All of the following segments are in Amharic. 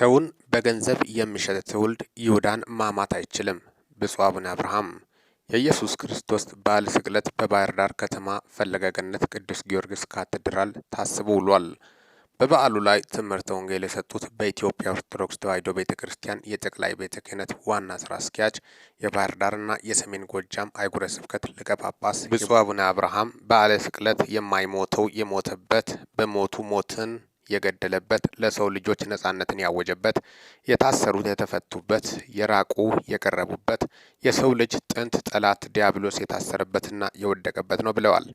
ሰውን በገንዘብ የሚሸጥ ትውልድ ይሁዳን ማማት አይችልም። ብፁዕ አቡነ አብርሃም የኢየሱስ ክርስቶስ በዓለ ስቅለት በባህር ዳር ከተማ ፈለገ ገነት ቅዱስ ጊዮርጊስ ካቴድራል ታስቦ ውሏል። በበዓሉ ላይ ትምህርተ ወንጌል የሰጡት በኢትዮጵያ ኦርቶዶክስ ተዋሕዶ ቤተ ክርስቲያን የጠቅላይ ቤተ ክህነት ዋና ስራ አስኪያጅ የባሕር ዳርና የሰሜን ጎጃም አህጉረ ስብከት ሊቀ ጳጳስ ብፁዕ አቡነ አብርሃም በዓለ ስቅለት የማይሞተው የሞተበት በሞቱ ሞትን የገደለበት፣ ለሰው ልጆች ነጻነትን ያወጀበት፣ የታሰሩት የተፈቱበት፣ የራቁ የቀረቡበት፣ የሰው ልጅ ጥንት ጠላት ዲያብሎስ የታሰረበትና የወደቀበት ነው ብለዋል።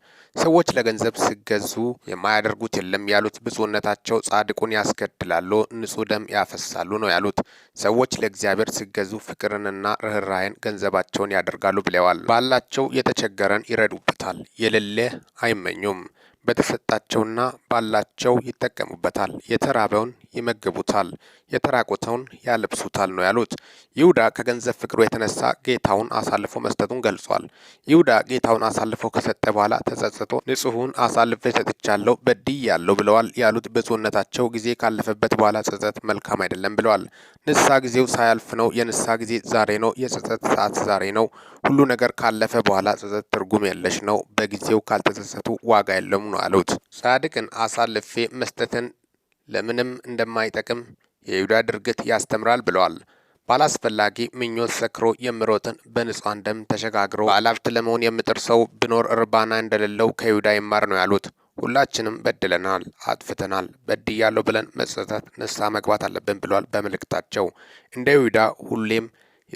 ሰዎች ለገንዘብ ሲገዙ የማያደርጉት የለም ያሉት ብፁዕነታቸው ጻድቁን ያስገድላሉ፣ ንጹህ ደም ያፈሳሉ ነው ያሉት። ሰዎች ለእግዚአብሔር ሲገዙ ፍቅርንና ርኅራኄን ገንዘባቸውን ያደርጋሉ ብለዋል። ባላቸው የተቸገረን ይረዱበታል፣ የሌለ አይመኙም። በተሰጣቸውና ባላቸው ይጠቀሙበታል። የተራበውን ይመግቡታል፣ የተራቆተውን ያለብሱታል ነው ያሉት። ይሁዳ ከገንዘብ ፍቅሩ የተነሳ ጌታውን አሳልፎ መስጠቱን ገልጿል። ይሁዳ ጌታውን አሳልፎ ከሰጠ በኋላ ተጸጽቶ ንጹሑን አሳልፌ ሰጥቻለሁ በድያለሁ ብለዋል ያሉት ብፁዕነታቸው ጊዜ ካለፈበት በኋላ ጸጸት መልካም አይደለም ብለዋል። ንስሐ ጊዜው ሳያልፍ ነው። የንስሐ ጊዜ ዛሬ ነው። የጸጸት ሰዓት ዛሬ ነው። ሁሉ ነገር ካለፈ በኋላ ጸጸት ትርጉም የለሽ ነው። በጊዜው ካልተጸጸቱ ዋጋ የለም ነው ነው ያሉት። ጻድቅን አሳልፌ መስጠትን ለምንም እንደማይጠቅም የይሁዳ ድርጊት ያስተምራል ብለዋል። ባላስፈላጊ ምኞት ሰክሮ የምሮጥን በንጹሐን ደም ተሸጋግሮ ባለሀብት ለመሆን የምጥር ሰው ቢኖር እርባና እንደሌለው ከይሁዳ ይማር ነው ያሉት። ሁላችንም በድለናል፣ አጥፍተናል፣ በድያለሁ ብለን መጸጸት፣ ንስሐ መግባት አለብን ብሏል። በመልእክታቸው እንደ ይሁዳ ሁሌም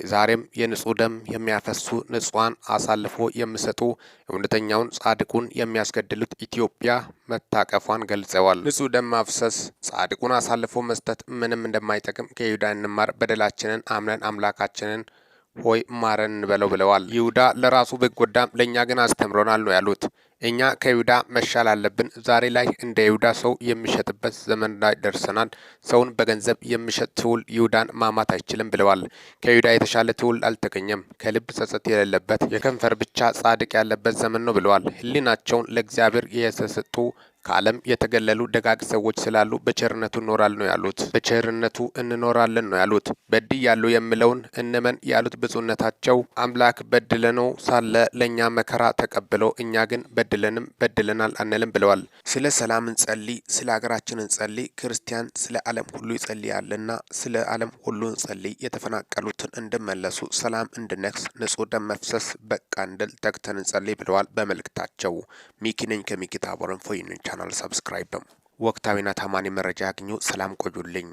ዛሬም የንጹህ ደም የሚያፈሱ ንጹሐን አሳልፎ የሚሰጡ እውነተኛውን ጻድቁን የሚያስገድሉት ኢትዮጵያ መታቀፏን ገልጸዋል። ንጹህ ደም ማፍሰስ፣ ጻድቁን አሳልፎ መስጠት ምንም እንደማይጠቅም ከይሁዳ እንማር፣ በደላችንን አምነን አምላካችንን ሆይ ማረን እንበለው ብለዋል። ይሁዳ ለራሱ ብጎዳም ለእኛ ግን አስተምሮናል ነው ያሉት። እኛ ከይሁዳ መሻል አለብን። ዛሬ ላይ እንደ ይሁዳ ሰው የሚሸጥበት ዘመን ላይ ደርሰናል። ሰውን በገንዘብ የሚሸጥ ትውል ይሁዳን ማማት አይችልም ብለዋል። ከይሁዳ የተሻለ ትውል አልተገኘም። ከልብ ጸጸት የሌለበት የከንፈር ብቻ ጻድቅ ያለበት ዘመን ነው ብለዋል። ህሊናቸውን ለእግዚአብሔር የተሰጡ ከዓለም የተገለሉ ደጋግ ሰዎች ስላሉ በቸርነቱ እኖራል ነው ያሉት። በቸርነቱ እንኖራለን ነው ያሉት። በድ ያሉ የምለውን እንመን ያሉት ብፁዕነታቸው አምላክ በድለነው ሳለ ለእኛ መከራ ተቀብሎ እኛ ግን በድለንም በድለናል አንልም ብለዋል። ስለ ሰላም እንጸልይ፣ ስለ ሀገራችን እንጸልይ። ክርስቲያን ስለ ዓለም ሁሉ ይጸልያልና ስለ ዓለም ሁሉ እንጸልይ። የተፈናቀሉትን እንድመለሱ፣ ሰላም እንድነግስ፣ ንጹሕ ደም መፍሰስ በቃ እንድል ተግተን እንጸልይ ብለዋል በመልእክታቸው። ሚኪነኝ ከሚኪታ ቦረንፎ ቻናል ሰብስክራይብ። ወቅታዊና ታማኒ መረጃ ያግኙ። ሰላም ቆዩልኝ።